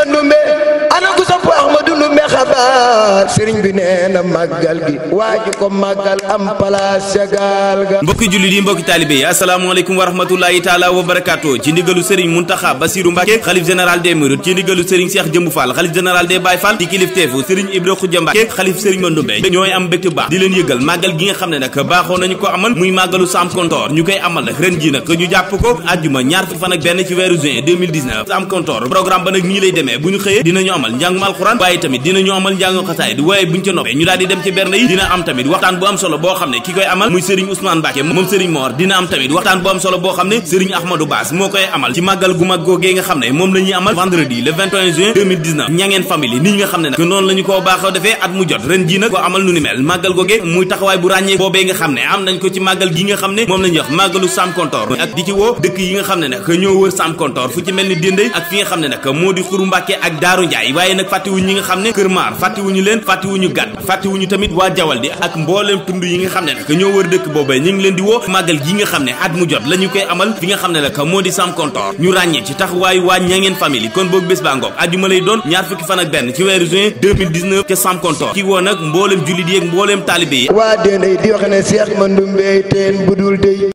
Ahmadou Ndoumbé ana ku sopp xabaar sëriñ bi nee màggal gi waaju ko màggal am palaas ca ga mbokki jullit yi mbokki taalibe yi asalaamaaleykum wa rahmatullahi taala wa ci ndigalu sëriñ Muntaxa Basiru Mbàkke xalif général des Mourides ci ndigalu sëriñ Cheikh Jëmbu Fall xalif général des Baye Fall ci kilifteefu sëriñ Ibra Xuja Mbàkke xalif sëriñ Mandumbe ñooy am bégte baax di leen yëgal màggal gi nga xam ne nag baaxoo nañu ko amal muy màggalu Sam Kontor ñu ko dinañu amal njàngu xasaayid waaye buñ ca noppee ñu daal dem ci bernde yi dina am tamit waxtaan bu am solo boo xam ne ki koy amal muy Serigne Ousmane Mbacke moom Serigne moom la amal vendredi muy taxawaay bu ràññee boobee nga xam ne am nañ ko ci màggal gi nga xam ne moom la màggalu Sam ak di ci woo dëkk yi nga xam ne nag ñoo wër Sam fu ci mel ni Dindey ak fi nga xam ne nag moo di Xuru Mbacke ak Daaru Njaay waaye nag fàttiwu ñi nga maar fàttewuñu leen fàttewuñu gàtt fàttewuñu tamit waa jawal di ak mbooleem tund yi nga xam ne nag ñoo wër dëkk boobee ñu leen di woo màggal gi nga xam ne at mu jot la koy amal fi nga xam ne la ka moo di Sam Kontor ñu ràññee ci taxawaayu waa ñangeen famille kon boog bés baa ngoog àjjuma lay doon ñaar fukki fan ak benn ci weeru juin 2019 ca Sam Kontor ki woo nag mbooleem jullit yi ak mbooleem taalibe yi waa déen ay di wax ne